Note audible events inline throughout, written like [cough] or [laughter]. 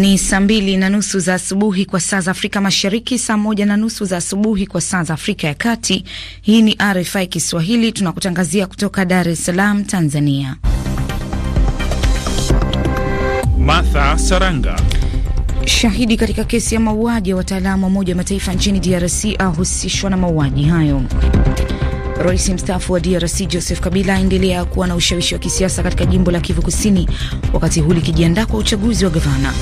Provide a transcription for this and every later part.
Ni saa mbili na nusu za asubuhi kwa saa za Afrika Mashariki, saa moja na nusu za asubuhi kwa saa za Afrika ya Kati. Hii ni RFI Kiswahili, tunakutangazia kutoka Dar es Salaam, Tanzania. Martha Saranga. Shahidi katika kesi ya mauaji ya wataalamu wa Umoja wa Mataifa nchini DRC ahusishwa na mauaji hayo. Rais mstaafu wa DRC Joseph Kabila aendelea kuwa na ushawishi wa kisiasa katika jimbo la Kivu Kusini, wakati huu likijiandaa kwa uchaguzi wa gavana.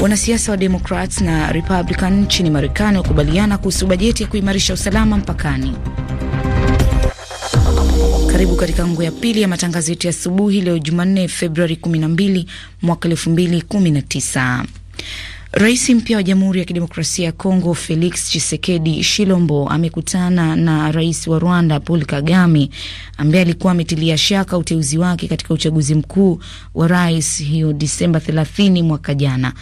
Wanasiasa wa Democrats na Republican nchini Marekani wakubaliana kuhusu bajeti ya kuimarisha usalama mpakani. Karibu katika ngo ya pili ya matangazo yetu ya asubuhi leo Jumanne, Februari 12 mwaka 2019. Rais mpya wa Jamhuri ya Kidemokrasia ya Kongo Felix Tshisekedi Shilombo amekutana na rais wa Rwanda Paul Kagame ambaye alikuwa ametilia shaka uteuzi wake katika uchaguzi mkuu wa rais hiyo Disemba 30 mwaka jana.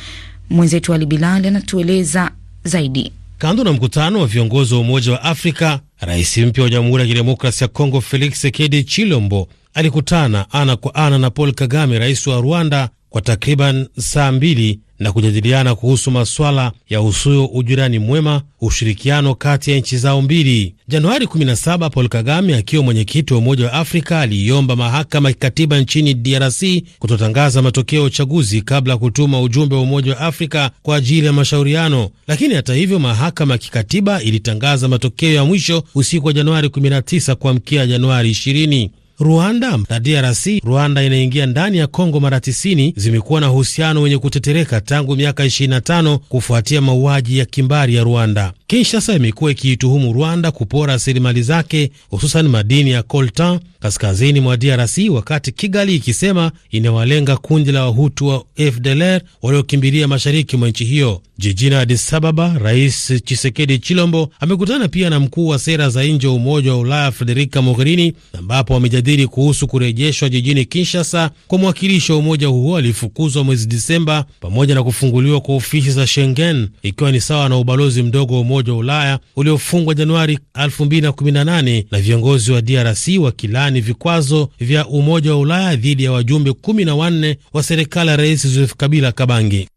Mwenzetu Ali Bilal anatueleza zaidi. Kando na mkutano wa viongozi wa Umoja wa Afrika, rais mpya wa Jamhuri ya Kidemokrasia ya Kongo Felix Tshisekedi Chilombo alikutana ana kwa ana na Paul Kagame, rais wa Rwanda, kwa takriban saa mbili na kujadiliana kuhusu masuala ya usuyo, ujirani mwema, ushirikiano kati ya nchi zao mbili. Januari 17, Paul Kagame akiwa mwenyekiti wa Umoja wa Afrika aliiomba mahakama ya kikatiba nchini DRC kutotangaza matokeo ya uchaguzi kabla ya kutuma ujumbe wa Umoja wa Afrika kwa ajili ya mashauriano. Lakini hata hivyo, mahakama ya kikatiba ilitangaza matokeo ya mwisho usiku wa Januari 19 kuamkia Januari 20. Rwanda na DRC. Rwanda inaingia ndani ya Kongo mara 90, zimekuwa na uhusiano wenye kutetereka tangu miaka 25 kufuatia mauaji ya kimbari ya Rwanda. Kinshasa imekuwa ikiituhumu Rwanda kupora rasilimali zake, hususan madini ya coltan kaskazini mwa DRC, wakati Kigali ikisema inawalenga kundi la Wahutu wa FDLR waliokimbilia mashariki mwa nchi hiyo. Jijini Addis Ababa, Rais Chisekedi Chilombo amekutana pia na mkuu wa sera za nje wa Umoja wa Ulaya frederika Mogherini, ambapo wamejadili kuhusu kurejeshwa jijini Kinshasa kwa mwakilishi wa umoja huo aliyefukuzwa mwezi Disemba, pamoja na kufunguliwa kwa ofisi za Schengen, ikiwa ni sawa na ubalozi mdogo wa Umoja wa Ulaya uliofungwa Januari 2018 na viongozi wa DRC wakilani vikwazo vya Umoja wa Ulaya dhidi ya wajumbe 14 wa serikali ya Rais Joseph Kabila Kabangi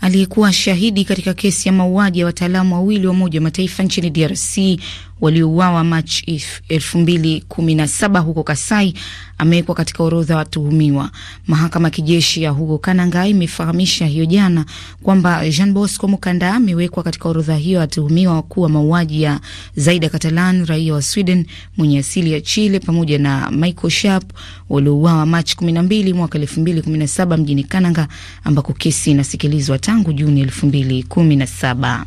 aliyekuwa shahidi katika kesi ya mauaji ya wataalamu wawili wa Umoja wa Mataifa nchini DRC waliouawa Machi 2017 huko Kasai amewekwa katika orodha watuhumiwa. Mahakama ya kijeshi ya huko Kananga imefahamisha hiyo jana kwamba Jean Bosco Mukanda amewekwa katika orodha hiyo watuhumiwa wakuu wa mauaji ya Zaida Catalan, raia wa Sweden mwenye asili ya Chile, pamoja na Michael Sharp waliouawa Machi 12 mwaka 2017 mjini Kananga ambako kesi inasikilizwa tangu Juni 2017.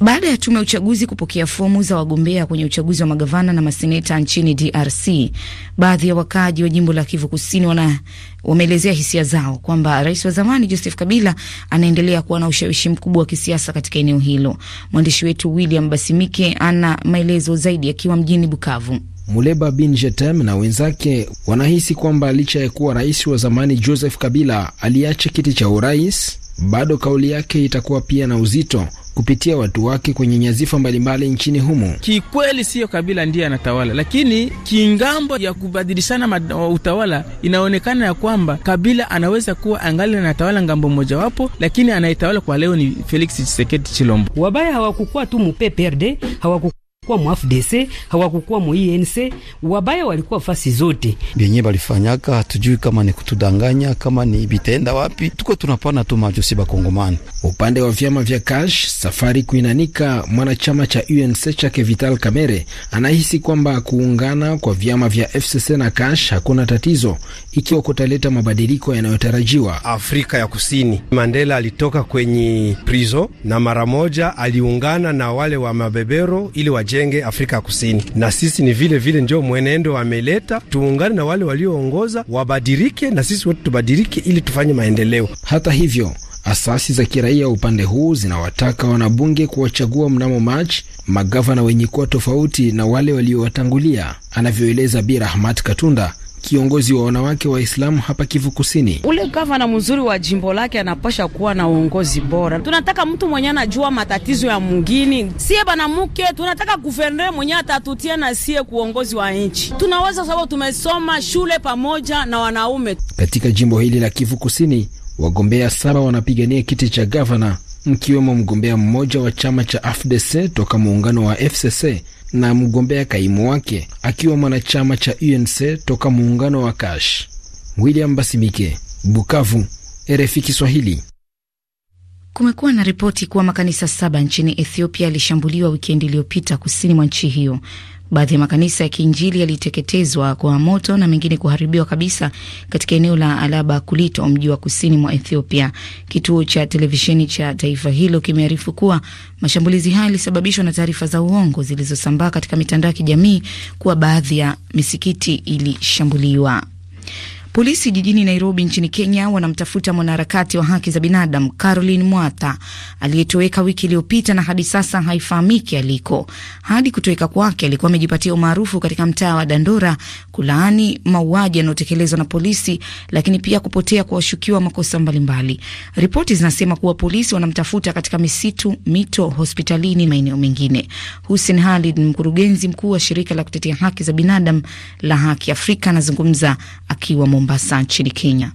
Baada ya tume ya uchaguzi kupokea fomu za wagombea kwenye uchaguzi wa magavana na maseneta nchini DRC, baadhi ya wakaaji wa jimbo la Kivu Kusini wana wameelezea hisia zao kwamba rais wa zamani Joseph Kabila anaendelea kuwa na ushawishi mkubwa wa kisiasa katika eneo hilo. Mwandishi wetu William Basimike ana maelezo zaidi akiwa mjini Bukavu. Muleba bin Jetem na wenzake wanahisi kwamba licha ya kuwa rais wa zamani Joseph Kabila aliacha kiti cha urais, bado kauli yake itakuwa pia na uzito kupitia watu wake kwenye nyazifa mbalimbali nchini humo. Kikweli siyo Kabila ndiye anatawala, lakini kingambo ya kubadilishana utawala inaonekana ya kwamba Kabila anaweza kuwa angali anatawala ngambo mmojawapo lakini anayetawala kwa leo ni Felix Tshisekedi Chilombo. Wabaya hawakukuwa tu mu PPRD kuwa mu FDC hawakukuwa mu INC, e wabaya walikuwa fasi zote. Benye balifanyaka hatujui kama ni kutudanganya, kama ni bitenda wapi, tuko tunapana tu macho bakongomani. Upande wa vyama vya cash safari kuinanika mwanachama cha UNC chake Vital Kamere anahisi kwamba kuungana kwa vyama vya FCC na cash hakuna tatizo ikiwa kutaleta mabadiliko yanayotarajiwa. Afrika ya Kusini, Mandela alitoka kwenye prison na mara moja aliungana na wale wa mabebero ili waje tuijenge Afrika ya Kusini, na sisi ni vile vile njo mwenendo ameleta Tuungane na wale walioongoza wabadilike, na sisi wote tubadilike ili tufanye maendeleo. Hata hivyo asasi za kiraia upande huu zinawataka wanabunge kuwachagua mnamo Machi magavana wenye kuwa tofauti na wale waliowatangulia, anavyoeleza Bi Rahmat Katunda kiongozi wa wanawake Waislamu hapa Kivu Kusini. Ule gavana mzuri wa jimbo lake anapasha kuwa na uongozi bora. Tunataka mtu mwenye anajua matatizo ya mungini, sie banamuke, tunataka guvernere mwenye atatutia na sie kuongozi wa nchi. Tunaweza sababu tumesoma shule pamoja na wanaume. Katika jimbo hili la Kivu Kusini, wagombea saba wanapigania kiti cha gavana, mkiwemo mgombea mmoja wa chama cha AFDC toka muungano wa FCC na mgombea kaimu wake akiwa mwanachama cha UNC toka muungano wa Kash. William Basimike, Bukavu, RFI Kiswahili. Kumekuwa na ripoti kuwa makanisa saba nchini Ethiopia yalishambuliwa wikendi iliyopita kusini mwa nchi hiyo. Baadhi ya makanisa ya Kiinjili yaliteketezwa kwa moto na mengine kuharibiwa kabisa katika eneo la Alaba Kulito, mji wa kusini mwa Ethiopia. Kituo cha televisheni cha taifa hilo kimearifu kuwa mashambulizi haya yalisababishwa na taarifa za uongo zilizosambaa katika mitandao ya kijamii kuwa baadhi ya misikiti ilishambuliwa. Polisi jijini Nairobi nchini Kenya wanamtafuta mwanaharakati wa haki za binadamu Caroline Mwata aliyetoweka wiki iliyopita na hadi sasa haifahamiki aliko. Hadi kutoweka kwake, alikuwa amejipatia umaarufu katika mtaa wa Dandora kulaani mauaji yanayotekelezwa na polisi, lakini pia kupotea kwa washukiwa makosa mbalimbali. Ripoti zinasema kuwa polisi wanamtafuta katika misitu, mito, hospitalini, maeneo mengine. Hussein Khalid ni mkurugenzi mkuu wa shirika la kutetea haki za binadamu la Haki Afrika, anazungumza akiwa Mombasa. Mombasa nchini Kenya.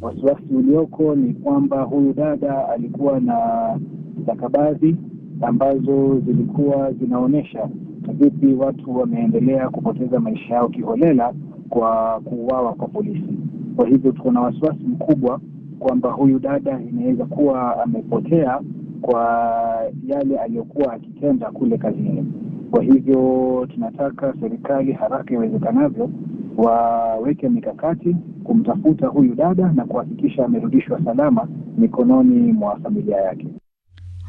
Wasiwasi ulioko ni kwamba huyu dada alikuwa na stakabadhi ambazo zilikuwa zinaonyesha vipi watu wameendelea kupoteza maisha yao kiholela kwa kuuawa kwa polisi. Kwa hivyo tuko na wasiwasi mkubwa kwamba huyu dada inaweza kuwa amepotea kwa yale aliyokuwa akitenda kule kazini. Kwa hivyo tunataka serikali haraka iwezekanavyo waweke mikakati kumtafuta huyu dada na kuhakikisha amerudishwa salama mikononi mwa familia yake.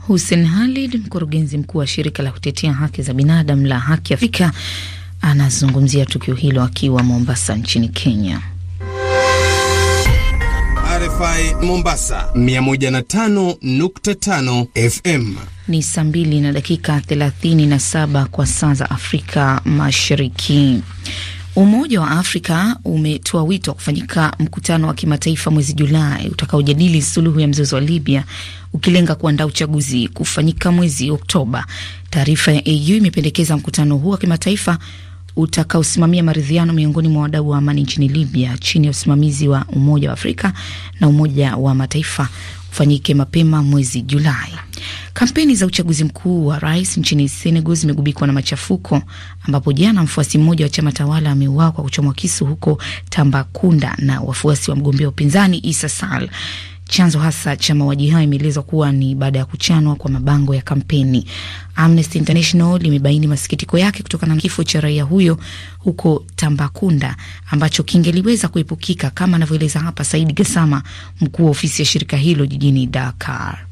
Hussein Khalid, mkurugenzi mkuu wa shirika la kutetea haki za binadamu la Haki Afrika, anazungumzia tukio hilo akiwa Mombasa nchini Kenya. RFI Mombasa 105.5 FM. Ni saa mbili na dakika 37 kwa saa za Afrika Mashariki. Umoja wa Afrika umetoa wito wa kufanyika mkutano wa kimataifa mwezi Julai utakaojadili suluhu ya mzozo wa Libya, ukilenga kuandaa uchaguzi kufanyika mwezi Oktoba. Taarifa ya AU imependekeza mkutano huo wa kimataifa utakaosimamia maridhiano miongoni mwa wadau wa amani nchini Libya chini ya usimamizi wa Umoja wa Afrika na Umoja wa Mataifa ufanyike mapema mwezi Julai. Kampeni za uchaguzi mkuu wa rais nchini Senegal zimegubikwa na machafuko, ambapo jana mfuasi mmoja wa chama tawala ameuawa kwa kuchomwa kisu huko Tambakunda na wafuasi wa mgombea wa upinzani Issa Sall. Chanzo hasa cha mauaji hayo imeelezwa kuwa ni baada ya kuchanwa kwa mabango ya kampeni. Amnesty International limebaini masikitiko yake kutokana na kifo cha raia huyo huko Tambakunda ambacho kingeliweza kuepukika, kama anavyoeleza hapa saidi gasama mkuu wa ofisi ya shirika hilo jijini Dakar.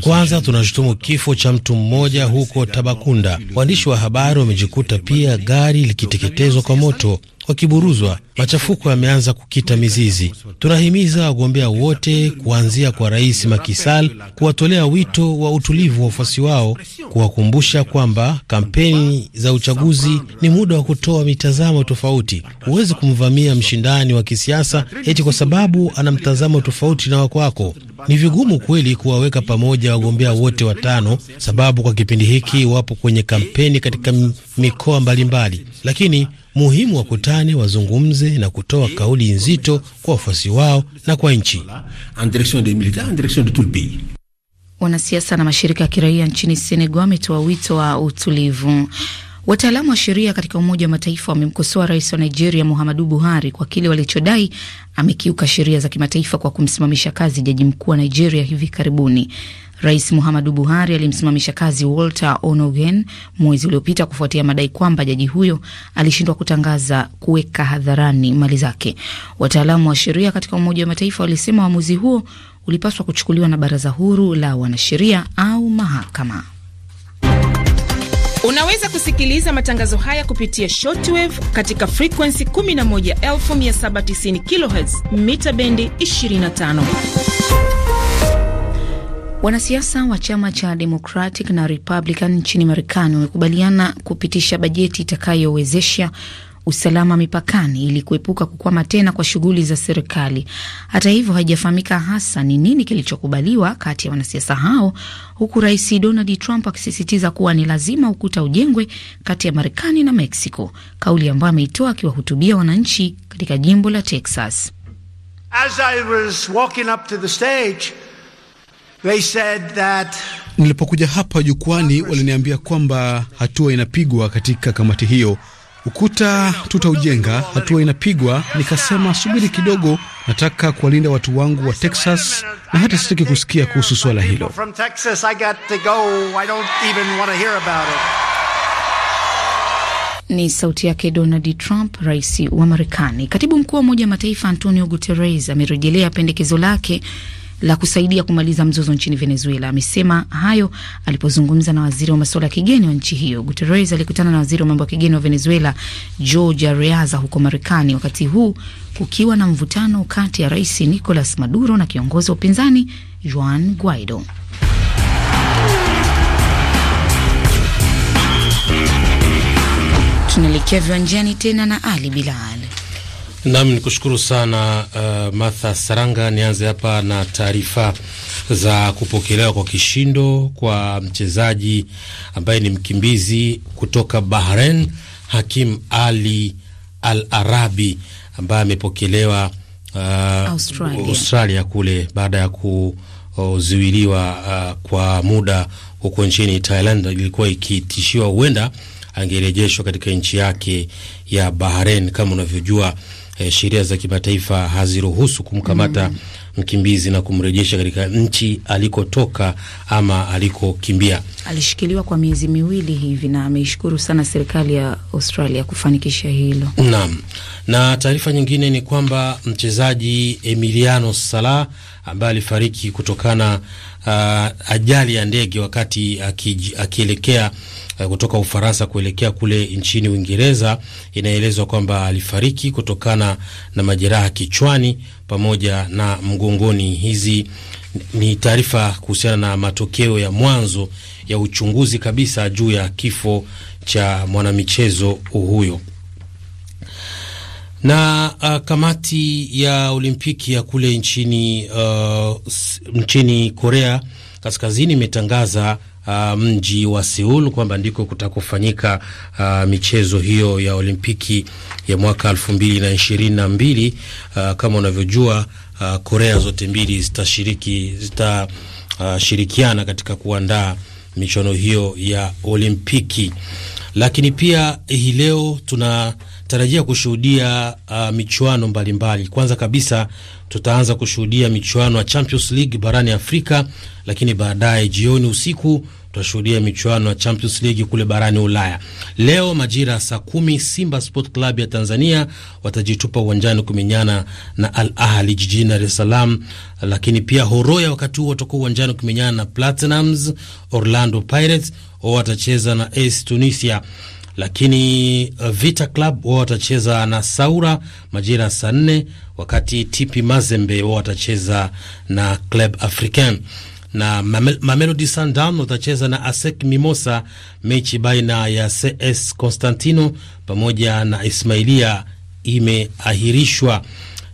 Kwanza tunashutumu kifo cha mtu mmoja huko Tabakunda. Waandishi wa habari wamejikuta pia gari likiteketezwa kwa moto wakiburuzwa, machafuko yameanza kukita mizizi. Tunahimiza wagombea wote kuanzia kwa Rais Makisal kuwatolea wito wa utulivu wafuasi wao, kuwakumbusha kwamba kampeni za uchaguzi ni muda wa kutoa mitazamo tofauti. Huwezi kumvamia mshindani wa kisiasa eti kwa sababu ana mtazamo tofauti na wakwako. Ni vigumu kweli kuwaweka pamoja wagombea wote watano, sababu kwa kipindi hiki wapo kwenye kampeni katika mikoa mbalimbali, lakini muhimu kutane wazungumze na kutoa kauli nzito kwa wafuasi wao na kwa nchi. Wanasiasa na mashirika ya kiraia nchini Senegal ametoa wito wa utulivu. Wataalamu wa sheria katika Umoja wa Mataifa wamemkosoa rais wa Nigeria Muhammadu Buhari kwa kile walichodai amekiuka sheria za kimataifa kwa kumsimamisha kazi jaji mkuu wa Nigeria hivi karibuni. Rais Muhammadu Buhari alimsimamisha kazi Walter Onogen mwezi uliopita kufuatia madai kwamba jaji huyo alishindwa kutangaza kuweka hadharani mali zake. Wataalamu wa sheria katika Umoja wa Mataifa walisema uamuzi huo ulipaswa kuchukuliwa na Baraza Huru la Wanasheria au mahakama. Unaweza kusikiliza matangazo haya kupitia shortwave katika frequency 11790 kHz mita bendi 25. Wanasiasa wa chama cha Democratic na Republican nchini Marekani wamekubaliana kupitisha bajeti itakayowezesha usalama mipakani ili kuepuka kukwama tena kwa shughuli za serikali. Hata hivyo, haijafahamika hasa ni nini kilichokubaliwa kati ya wanasiasa hao, huku Rais Donald Trump akisisitiza kuwa ni lazima ukuta ujengwe kati ya Marekani na Mexico, kauli ambayo ameitoa akiwahutubia wananchi katika jimbo la Texas. As I was walking up to the stage, They said that... nilipokuja hapa jukwani waliniambia kwamba hatua inapigwa katika kamati hiyo, ukuta tutaujenga, hatua inapigwa. Nikasema subiri kidogo, nataka kuwalinda watu wangu wa Texas na hata sitaki kusikia kuhusu swala hilo. Ni sauti yake Donald Trump, rais wa Marekani. Katibu mkuu wa Umoja wa Mataifa Antonio Guterres amerejelea pendekezo lake la kusaidia kumaliza mzozo nchini Venezuela. Amesema hayo alipozungumza na waziri wa masuala ya kigeni wa nchi hiyo. Guterres alikutana na waziri wa mambo ya kigeni wa Venezuela George Arreaza huko Marekani, wakati huu kukiwa na mvutano kati ya rais Nicolas Maduro na kiongozi wa upinzani Juan Guaido. Tunaelekea viwanjani tena na Ali Bilal. Nam, ni kushukuru sana uh, Martha Saranga. Nianze hapa na taarifa za kupokelewa kwa kishindo kwa mchezaji ambaye ni mkimbizi kutoka Bahrain, Hakim Ali Al Arabi ambaye amepokelewa uh, Australia. Australia kule baada ya kuzuiliwa uh, kwa muda huko nchini Thailand, ilikuwa ikitishiwa huenda angerejeshwa katika nchi yake ya Bahrain. Kama unavyojua eh, sheria za kimataifa haziruhusu kumkamata mm. mkimbizi na kumrejesha katika nchi alikotoka ama alikokimbia. Alishikiliwa kwa miezi miwili hivi na ameishukuru sana serikali ya Australia kufanikisha hilo. Naam, na taarifa nyingine ni kwamba mchezaji Emiliano Sala ambaye alifariki kutokana uh, ajali ya ndege wakati akielekea aki Eh, kutoka Ufaransa kuelekea kule nchini Uingereza. Inaelezwa kwamba alifariki kutokana na majeraha kichwani pamoja na mgongoni. Hizi ni taarifa kuhusiana na matokeo ya mwanzo ya uchunguzi kabisa juu ya kifo cha mwanamichezo huyo na uh, kamati ya Olimpiki ya kule nchini, uh, nchini Korea Kaskazini imetangaza uh, mji wa Seul kwamba ndiko kutakofanyika uh, michezo hiyo ya Olimpiki ya mwaka elfu mbili na ishirini na mbili. Uh, kama unavyojua uh, Korea zote mbili zitashiriki zitashirikiana uh, katika kuandaa michuano hiyo ya Olimpiki, lakini pia hii leo tuna tarajia kushuhudia uh, michuano mbalimbali Kwanza kabisa tutaanza kushuhudia michuano ya Champions League barani Afrika, lakini baadaye jioni usiku tutashuhudia michuano ya Champions League kule barani Ulaya. Leo majira ya saa kumi Simba Sport Club ya Tanzania watajitupa uwanjani kumenyana na Al Ahli jijini Dar es Salaam, lakini pia Horoya wakati huo watakuwa uwanjani kumenyana na Platinums. Orlando Pirates wao watacheza na AS Tunisia lakini uh, Vita Club wao watacheza na Saura majira saa nne, wakati TP Mazembe wao watacheza na Club Africain na Mamelodi Sundowns watacheza na ASEC Mimosa, mechi baina ya CS Constantino pamoja na Ismailia imeahirishwa.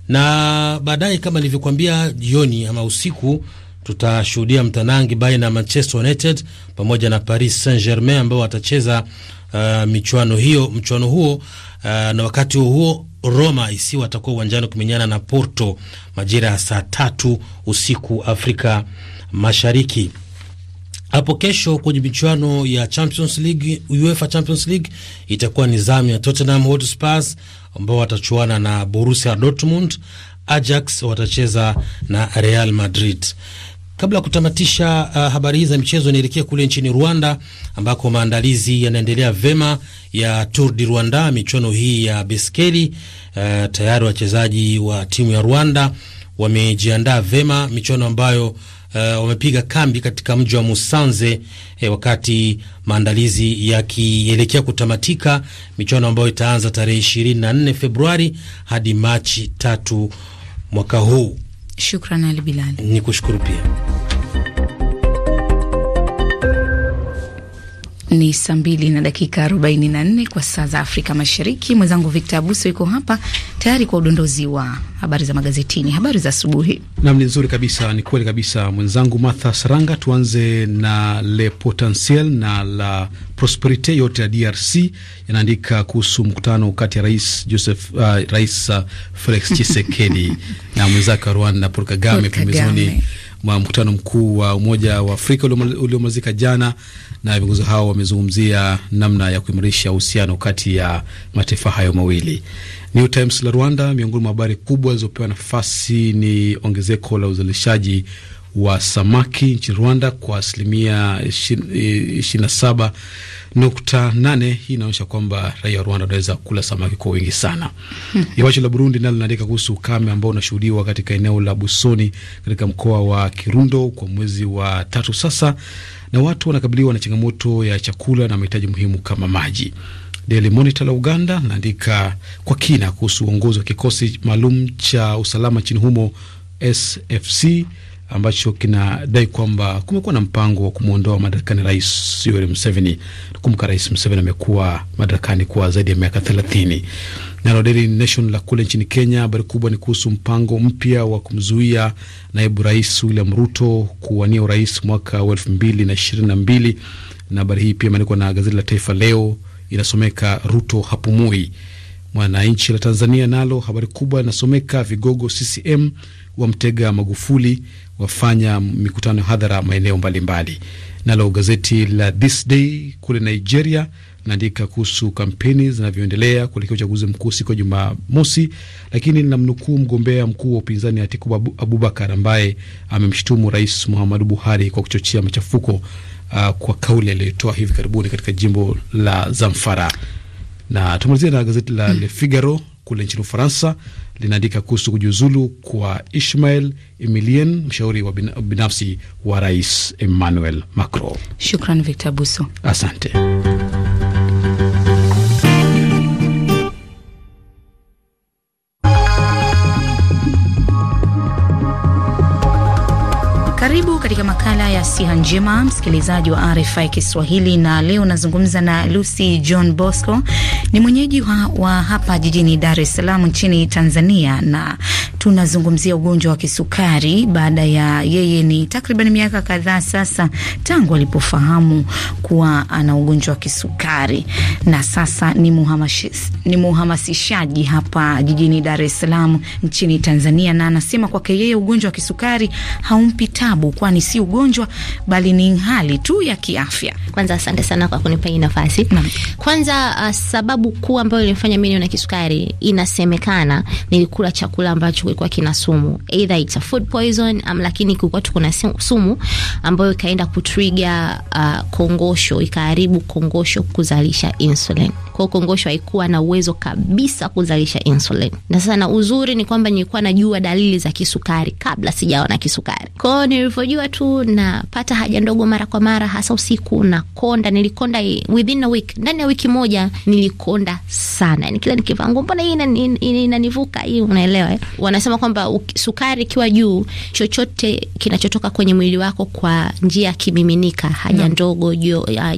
Na baadaye kama nilivyokuambia, jioni ama usiku tutashuhudia mtanangi baina ya Manchester United pamoja na Paris Saint Germain ambao watacheza uh, michuano hiyo mchuano huo uh, na wakati huo huo Roma isi watakuwa uwanjani kumenyana na Porto majira ya saa tatu usiku Afrika Mashariki. Hapo kesho kwenye michuano ya Champions League, UEFA Champions League itakuwa ni zamu ya Tottenham Hotspur ambao watachuana na Borussia Dortmund. Ajax watacheza na Real Madrid. Kabla ya kutamatisha uh, habari hii za michezo, nielekea kule nchini Rwanda ambako maandalizi yanaendelea vema ya Tour du Rwanda, michuano hii ya beskeli. Uh, tayari wachezaji wa timu ya Rwanda wamejiandaa vema, michuano ambayo uh, wamepiga kambi katika mji wa Musanze eh, wakati maandalizi yakielekea kutamatika, michuano ambayo itaanza tarehe 24 Februari hadi Machi tatu mwaka huu. Shukran Ali Bilali, ni kushukuru pia. Ni saa mbili na dakika 44 kwa saa za Afrika Mashariki. Mwenzangu Victor Abuso yuko hapa tayari kwa udondozi wa habari za magazetini. Habari za asubuhi. Nam, ni nzuri kabisa, ni kweli kabisa mwenzangu Martha Saranga. Tuanze na Le Potentiel na La Prosperite, yote ya DRC yanaandika kuhusu mkutano kati ya rais Joseph, uh, rais uh, Felix chisekedi [laughs] na mwenzake wa Rwanda Paul Kagame pembezoni mwa mkutano mkuu wa Umoja wa Afrika uliomalizika jana, na viongozi hao wamezungumzia namna ya kuimarisha uhusiano kati ya mataifa hayo mawili. New Times la Rwanda, miongoni mwa habari kubwa zilizopewa nafasi ni ongezeko la uzalishaji wa samaki nchini Rwanda kwa asilimia 27.8. E, Hii inaonyesha kwamba raia wa Rwanda wanaweza kula samaki kwa wingi sana. Jambacho hmm. la Burundi nalo linaandika kuhusu ukame ambao unashuhudiwa katika eneo la Busoni katika mkoa wa Kirundo kwa mwezi wa tatu sasa, na watu wanakabiliwa na changamoto ya chakula na mahitaji muhimu kama maji. Daily Monitor la Uganda linaandika kwa kina kuhusu uongozi wa kikosi maalum cha usalama nchini humo SFC ambacho kinadai kwamba kumekuwa na mpango wa kumwondoa madarakani Rais Yoweri Museveni. Kumbuka Rais Museveni amekuwa madarakani kwa zaidi ya miaka thelathini. Nalo Daily Nation la kule nchini Kenya, habari kubwa ni kuhusu mpango mpya wa kumzuia naibu rais William Ruto kuwania urais mwaka wa elfu mbili na ishirini na mbili na habari hii pia imeandikwa na gazeti la Taifa Leo, inasomeka Ruto hapumui. Mwananchi la Tanzania nalo habari kubwa inasomeka vigogo CCM wamtega Magufuli, wafanya mikutano hadhara maeneo mbalimbali. Nalo gazeti la This Day kule Nigeria naandika kuhusu kampeni zinavyoendelea kuelekea uchaguzi mkuu siku ya Jumamosi, lakini linamnukuu mgombea mkuu wa upinzani Atiku Abubakar ambaye amemshutumu Rais Muhammadu Buhari kwa kuchochea machafuko uh, kwa kauli aliyotoa hivi karibuni katika jimbo la Zamfara. Na tumalizia na gazeti la hmm. Le Figaro kule nchini Ufaransa linaandika kuhusu kujiuzulu kwa ismael Emilien, mshauri wa binafsi wa rais Emmanuel Macron. Shukran Victor Buso, asante. siha njema, msikilizaji wa RFI Kiswahili, na leo nazungumza na Lucy John Bosco, ni mwenyeji wa, wa hapa jijini Dar es Salaam nchini Tanzania, na tunazungumzia ugonjwa wa kisukari baada ya yeye, ni takriban miaka kadhaa sasa tangu alipofahamu kuwa ana ugonjwa wa kisukari, na sasa ni muhamasishaji hapa jijini Dar es Salaam nchini Tanzania, na anasema kwake yeye ugonjwa wa kisukari haumpi tabu, kwani si ugonjwa bali ni hali tu ya kiafya. Kwanza asante sana kwa kunipa hii nafasi. Kwanza uh, sababu kuu ambayo ilinifanya mimi na kisukari, inasemekana nilikula chakula ambacho kilikuwa kina sumu, either it's a food poison um, lakini kulikuwa tu kuna sumu ambayo ikaenda kutrigger uh, kongosho, ikaharibu kongosho kuzalisha insulin kwao kongosho haikuwa na uwezo kabisa kuzalisha insulin. Na sasa na uzuri ni kwamba nilikuwa najua dalili za kisukari kabla sijawa na kisukari. Kwao nilivyojua tu napata haja ndogo mara kwa mara, hasa usiku na konda, nilikonda within a week. Ndani ya wiki moja nilikonda sana. yani kila nikivangu mbona hii inanivuka hii unaelewa eh? Wanasema kwamba sukari ikiwa juu, chochote kinachotoka kwenye mwili wako kwa njia ya kimiminika, haja ndogo,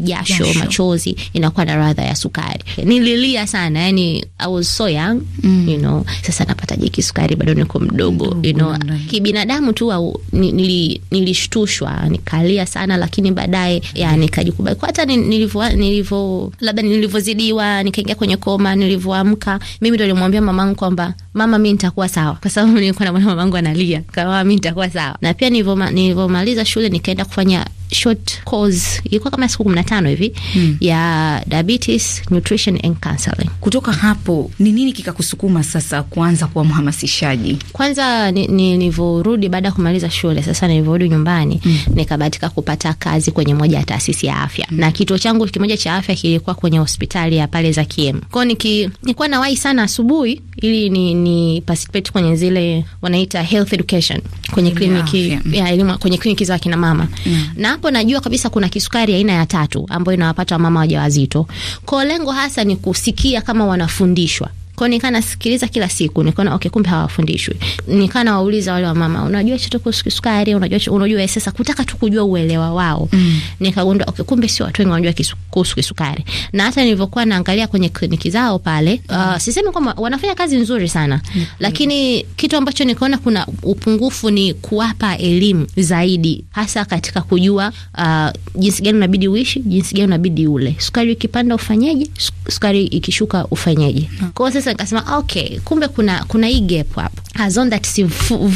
jasho, machozi inakuwa na radha ya sukari nililia sana, yani I was so young mm. you know, sasa napataje kisukari bado niko mdogo you know, kibinadamu tu nili, nilishtushwa nikalia sana, lakini baadaye ya nikajikubali kwa hata nilivyo nilivyo labda nilivyozidiwa nikaingia kwenye koma, nilivyoamka mimi ndo nilimwambia mamangu kwamba mama, mimi nitakuwa sawa, kwa sababu nilikuwa naona mamangu analia, kama mimi nitakuwa sawa. Na pia nilivyomaliza shule nikaenda kufanya short course ilikuwa kama siku kumi na tano hivi mm. ya diabetes nutrition and counseling. Kutoka hapo ni nini kikakusukuma sasa kuanza kuwa mhamasishaji? Kwanza nilivyorudi ni, ni baada ya kumaliza shule, sasa nilivyorudi nyumbani mm. nikabahatika kupata kazi kwenye moja ya taasisi ya afya mm. na kituo changu kimoja cha afya kilikuwa kwenye hospitali ya pale za KM kwao, niki nilikuwa nawahi sana asubuhi ili ni, ni participate kwenye zile wanaita health education kwenye kliniki ya elimu kwenye kliniki za kina mama mm. na hapo najua kabisa kuna kisukari aina ya tatu ambayo inawapata mama wajawazito. Kwa lengo hasa ni kusikia kama wanafundishwa kwao nikaa nasikiliza kila siku, nikaona okay, kumbe hawafundishwi. Nikaa nawauliza wale wamama, unajua chote kuhusu kisukari, unajua unajua sasa, kutaka tu kujua uelewa wao mm. Nikagundua okay, kumbe sio watu wengi wanajua kuhusu kisukari, na hata nilivyokuwa naangalia kwenye kliniki zao pale mm. uh, sisemi kwamba wanafanya kazi nzuri sana mm. Lakini kitu ambacho nikaona kuna upungufu ni kuwapa elimu zaidi, hasa katika kujua uh, jinsi gani unabidi uishi, jinsi gani unabidi ule sukari, ukipanda ufanyeje, sukari ikishuka ufanyeje. Mm. Kwa nikasema okay, kumbe kuna kuna hii gap hapo azonda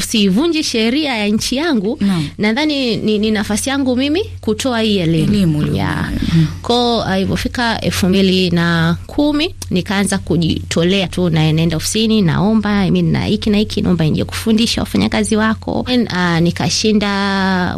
siivunji sheria ya nchi yangu no. Nadhani ni, ni nafasi yangu mimi kutoa hii elimu yeah. mm. Ko uh, ilivyofika elfu mbili na kumi nikaanza kujitolea tu, na naenda ofisini, naomba mimi na hiki na hiki, naomba nje kufundisha wafanyakazi wako. Uh, nikashinda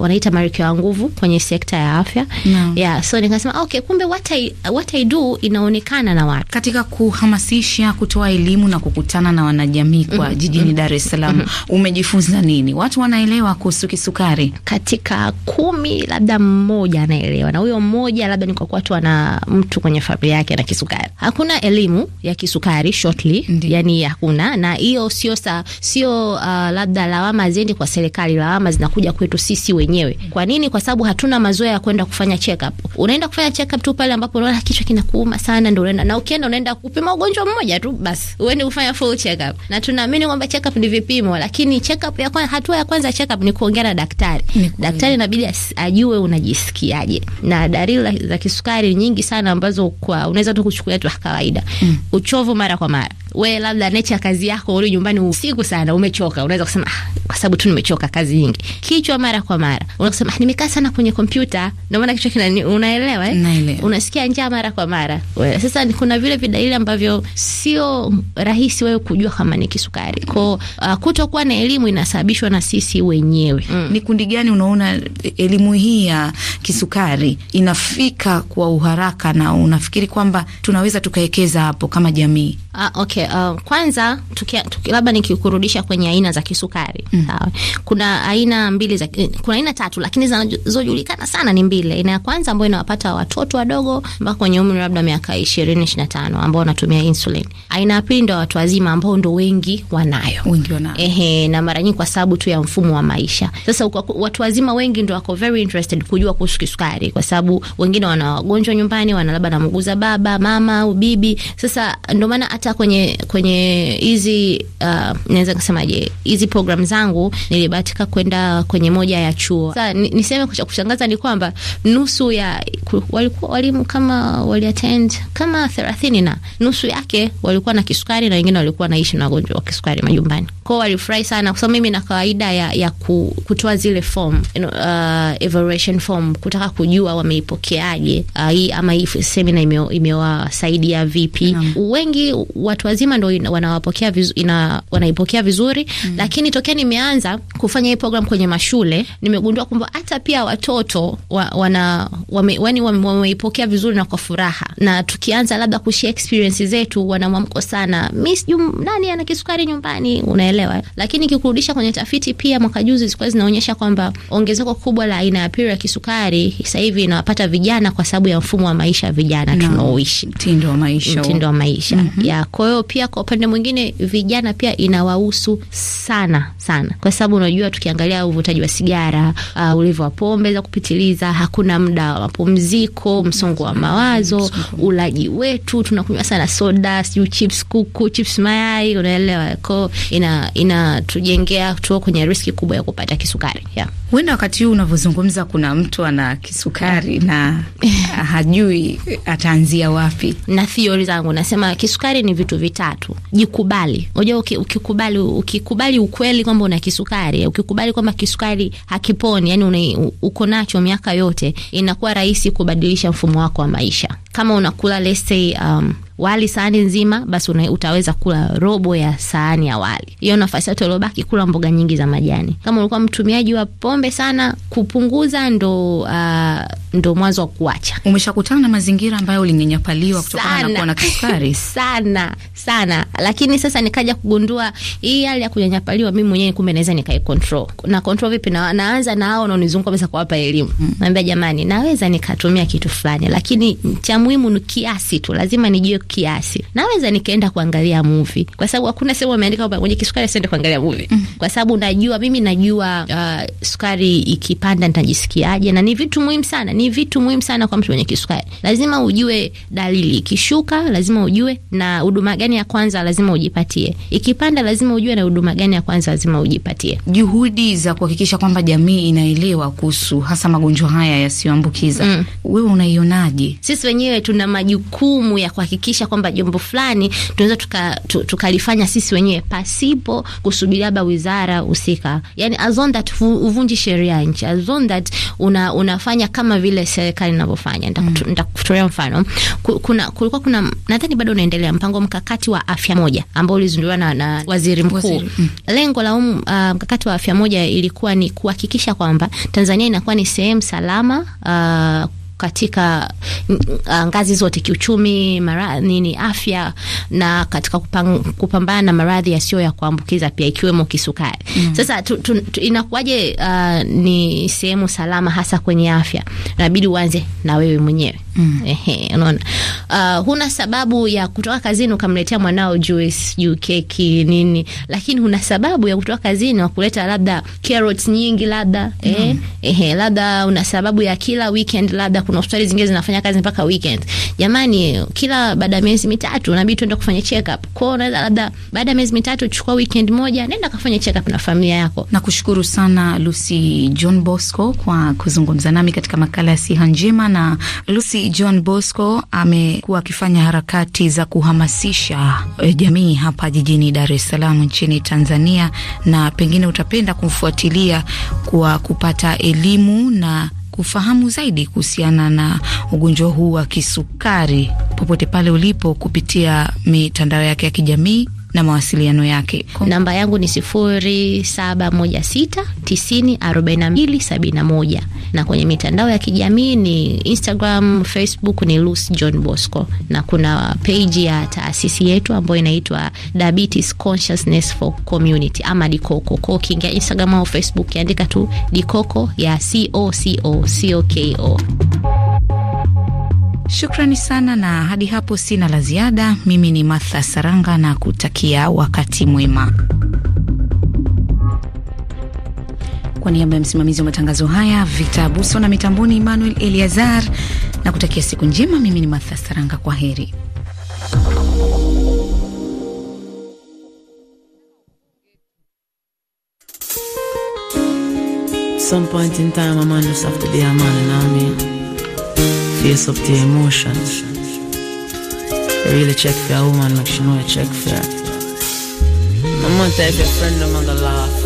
wanaita marikio ya nguvu kwenye sekta ya afya no. yeah. So nikasema okay, kumbe what I, what I do inaonekana na watu katika kuhamasisha, kutoa elimu na kukutana na wanajamii kwa mm. jijini mm. Dar es Salaam mm -hmm. umejifunza nini? Watu wanaelewa kuhusu kisukari? Katika kumi labda mmoja anaelewa, na huyo mmoja labda ni kwa kuwa tu ana mtu kwenye familia yake na kisukari. Hakuna elimu ya kisukari shortly, yani hakuna, na hiyo sio sio, uh, labda lawama ziendi kwa serikali, lawama zinakuja kwetu sisi wenyewe. Kwa nini? Kwa sababu hatuna mazoea ya kwenda kufanya check up. Unaenda kufanya check up tu pale ambapo unaona kichwa kinakuuma sana, ndio unaenda, na ukienda unaenda kupima ugonjwa mmoja tu basi, uende kufanya full check up, na tunaamini kwamba check up ni vipimo, lakini check up ya kwanza, hatua ya kwanza check up ni kuongea na daktari. Daktari inabidi ajue unajisikiaje, na dalili za kisukari nyingi sana ambazo kwa unaweza tu kuchukulia tu kawaida mm. Uchovu mara kwa mara, we labda nature kazi yako, uli nyumbani usiku sana, umechoka, unaweza kusema ah, kwa sababu tu nimechoka kazi nyingi. Kichwa mara kwa mara, unaweza kusema ah, nimekaa sana kwenye kompyuta, ndio maana kichwa kina, unaelewa eh? Naelewa. Unasikia njaa mara kwa mara. We, sasa kuna vile vidalili ambavyo sio rahisi wewe kujua kama ni kisukari kwao uh, kutokuwa na elimu inasababishwa na sisi wenyewe. Mm. Ni kundi gani unaona elimu hii ya kisukari inafika kwa uharaka na unafikiri kwamba tunaweza tukaekeza hapo kama jamii? Uh, okay. Uh, kwanza labda nikikurudisha kwenye aina za kisukari. Mm. Sawa. Kuna aina mbili za kuna aina tatu lakini zinazojulikana sana ni mbili. Aina ya kwanza ambayo inawapata watoto wadogo mpaka kwenye umri labda miaka 20 25 ambao wanatumia insulin. Aina ya pili ndio watu wazima ambao ndo wengi wanayo ndio na ehe, na mara nyingi kwa sababu tu ya mfumo wa maisha. Sasa watu wazima wengi ndio wako very interested kujua kuhusu kisukari, kwa sababu wengine wana wagonjwa nyumbani, wana labda namuguza baba, mama au bibi. Sasa ndio maana hata kwenye kwenye hizi uh, naweza kusemaje, hizi program zangu nilibahatika kwenda kwenye moja ya chuo. Sasa niseme kwa kushangaza ni kwamba nusu ya walikuwa walimu kama waliattend kama thelathini na nusu yake walikuwa na kisukari na wengine walikuwa naishi na wagonjwa wa kisukari majumbani kwao walifurahi sana, kwa sababu mimi na kawaida ya, ya kutoa zile form uh, evaluation form kutaka kujua wameipokeaje uh, hii ama hii semina imewasaidia vipi mm. Wengi watu wazima ndo wanawapokea vizu, ina, wanaipokea vizuri mm. Lakini tokea nimeanza kufanya hii program kwenye mashule nimegundua kwamba hata pia watoto wa, wana wame, wani wameipokea vizuri na kwa furaha, na tukianza labda kushia experience zetu wanamwamko sana, mi sijui nani ana kisukari nyumbani unaelewa. Lakini kikurudisha kwenye tafiti, pia mwaka juzi zilikuwa zinaonyesha kwamba ongezeko kubwa la aina ya pili ya kisukari sasa hivi inawapata vijana kwa sababu ya mfumo wa maisha ya vijana no, tunaoishi mtindo wa maisha, mtindo wa maisha mm -hmm. ya kwa hiyo pia kwa upande mwingine vijana pia inawahusu sana sana, kwa sababu unajua tukiangalia uvutaji wa sigara uh, ulevi wa pombe za kupitiliza, hakuna muda wa mapumziko, msongo wa mawazo, mm, ulaji wetu tunakunywa sana soda, sijui chips, kuku, chips mayai, unaelewa ko inatujengea ina tuo kwenye riski kubwa ya kupata kisukari yeah. Huenda wakati huu unavyozungumza kuna mtu ana kisukari na [laughs] hajui ataanzia wapi. Na theory zangu nasema kisukari ni vitu vitatu. Jikubali. Unajua ukikubali ukikubali ukweli kwamba una kisukari, ukikubali kwamba kisukari hakiponi, yani uko nacho miaka yote, inakuwa rahisi kubadilisha mfumo wako wa maisha. Kama unakula let's say um, wali sahani nzima basi una, utaweza kula robo ya sahani ya wali. Hiyo nafasi yote uliobaki kula mboga nyingi za majani. Kama ulikuwa mtumiaji wa pombe pombe sana, kupunguza ndo, uh, ndo mwanzo wa kuacha. Umeshakutana na mazingira ambayo ulinyanyapaliwa kutokana na kuwa na kisukari [laughs] sana sana, lakini sasa nikaja kugundua hii hali ya kunyanyapaliwa mimi mwenyewe kumbe naweza nikai control na control vipi? Na naanza na hao wanaonizunguka mesa kuwapa elimu mm. Naambia jamani, naweza nikatumia kitu fulani, lakini cha muhimu ni kiasi tu, lazima nijue kiasi. Naweza nikaenda kuangalia movie kwa sababu hakuna sehemu ameandika kwamba mwenye kisukari asiende kuangalia movie mm. kwa sababu najua mimi najua uh, sukari sukari ikipanda nitajisikiaje, na ni vitu muhimu sana, ni vitu muhimu sana kwa mtu mwenye kisukari. Lazima ujue dalili, ikishuka lazima ujue na huduma gani ya kwanza lazima ujipatie, ikipanda lazima ujue na huduma gani ya kwanza lazima ujipatie. Juhudi za kuhakikisha kwamba jamii inaelewa kuhusu hasa magonjwa haya yasiyoambukiza, mm. wewe unaionaje? Sisi wenyewe tuna majukumu ya kuhakikisha kwamba jambo fulani tunaweza tukalifanya tuka sisi wenyewe pasipo kusubiri labda wizara husika, yani azonda uvunji sheria ya nchi, as long that una, unafanya kama vile serikali inavyofanya. Nitakutolea mm. mfano kuna, kulikuwa kuna nadhani bado unaendelea mpango mkakati wa afya moja ambao ulizinduliwa na, na waziri mkuu waziri. Mm. Lengo la um, uh, mkakati wa afya moja ilikuwa ni kuhakikisha kwamba Tanzania inakuwa ni sehemu salama uh, katika uh, ngazi zote, kiuchumi, mara, nini, afya na katika kupang, kupambana na maradhi yasiyo ya kuambukiza pia ikiwemo kisukari mm. Sasa tu, tu, tu, inakuwaje uh, ni sehemu salama hasa kwenye afya? Inabidi uanze na wewe mwenyewe mm. Ehe, unaona uh, huna sababu ya kutoka kazini ukamletea mwanao juice juu keki nini, lakini huna sababu ya kutoka kazini wakuleta labda carrots nyingi labda eh? mm. eh, ehe, labda una sababu ya kila weekend labda kuna hospitali zingine zinafanya kazi mpaka weekend. Jamani, kila baada ya miezi mitatu inabidi tuende kufanya check up. Kwa hiyo unaweza labda baada ya miezi mitatu chukua weekend moja, nenda kafanya check up na familia yako. Nakushukuru sana Lucy John Bosco kwa kuzungumza nami katika makala ya Siha Njema, na Lucy John Bosco amekuwa akifanya harakati za kuhamasisha e, jamii hapa jijini Dar es Salaam nchini Tanzania, na pengine utapenda kumfuatilia kwa kupata elimu na kufahamu zaidi kuhusiana na ugonjwa huu wa kisukari popote pale ulipo kupitia mitandao yake ya kijamii na mawasiliano yake. Namba yangu ni sifuri saba moja sita tisini arobaini na mbili sabini na moja na kwenye mitandao ya kijamii ni Instagram, Facebook ni lus John Bosco, na kuna peji ya taasisi yetu ambayo inaitwa Diabetes Consciousness for Community ama Dikoko. Kwa ukiingia Instagram au Facebook, andika tu Dikoko ya C O C O C O K O. Shukrani sana na hadi hapo sina la ziada. Mimi ni Martha Saranga na kutakia wakati mwema. Kwa niaba ya msimamizi wa matangazo haya Victor Abuso na mitamboni Emmanuel Eliazar na kutakia siku njema. Mimi ni Martha Saranga, kwa heri. Some point in time, face up to emotion. emotions. You really check for a woman, make sure you know you check for her. No matter if your friend them going laugh,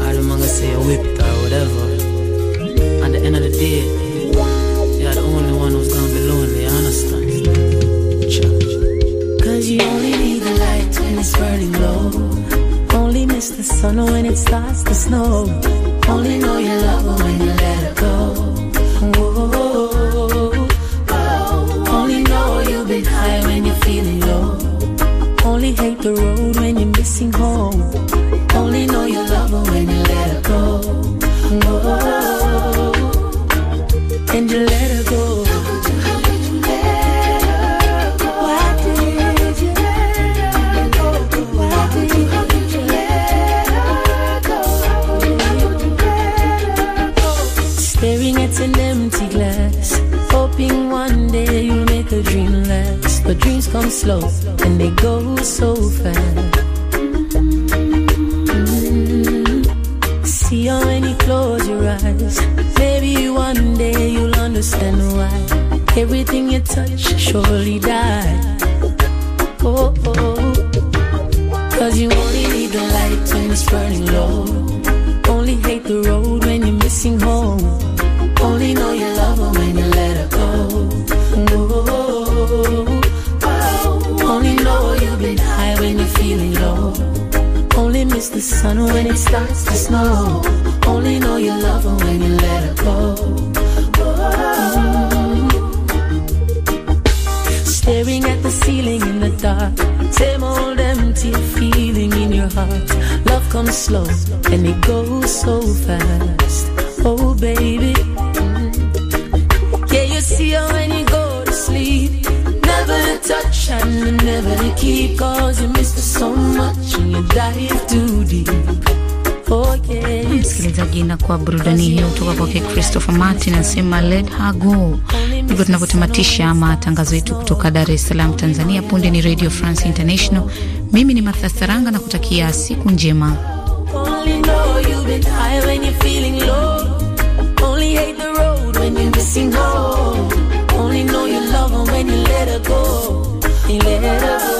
or them gonna say a whipped or whatever. At the end of the day, you're the only one who's gonna be lonely, you understand? Cause you only need the light when it's burning low. Only miss the sun when it starts to snow. Only know you love her when you let her go. feeling low. Only hate the road when you're missing home. Only know you love her when you let her go. Oh, and you let her slow and they go so fast. Mm-hmm. See how when you close your eyes, maybe one day you'll understand why everything you touch surely dies. oh. oh. oh. sun when it starts to snow. Only know you love her when you let her go. Staring at the ceiling in the dark, same old empty feeling in your heart. Love comes slow and it goes so fast. Oh, baby. Mm. Yeah, you see her when you go to sleep. never to touch and you're never to keep Cause you miss me so much and you dive too deep oh, Msikilizaji, na kwa burudani hiyo kutoka kwake Christopher Martin anasema let her go. Ndivyo tunavyotamatisha matangazo yetu kutoka Dar es Salaam, Tanzania. Punde ni Radio France International. Mimi ni Martha Saranga na kutakia siku njema. when you let her go. You let her go.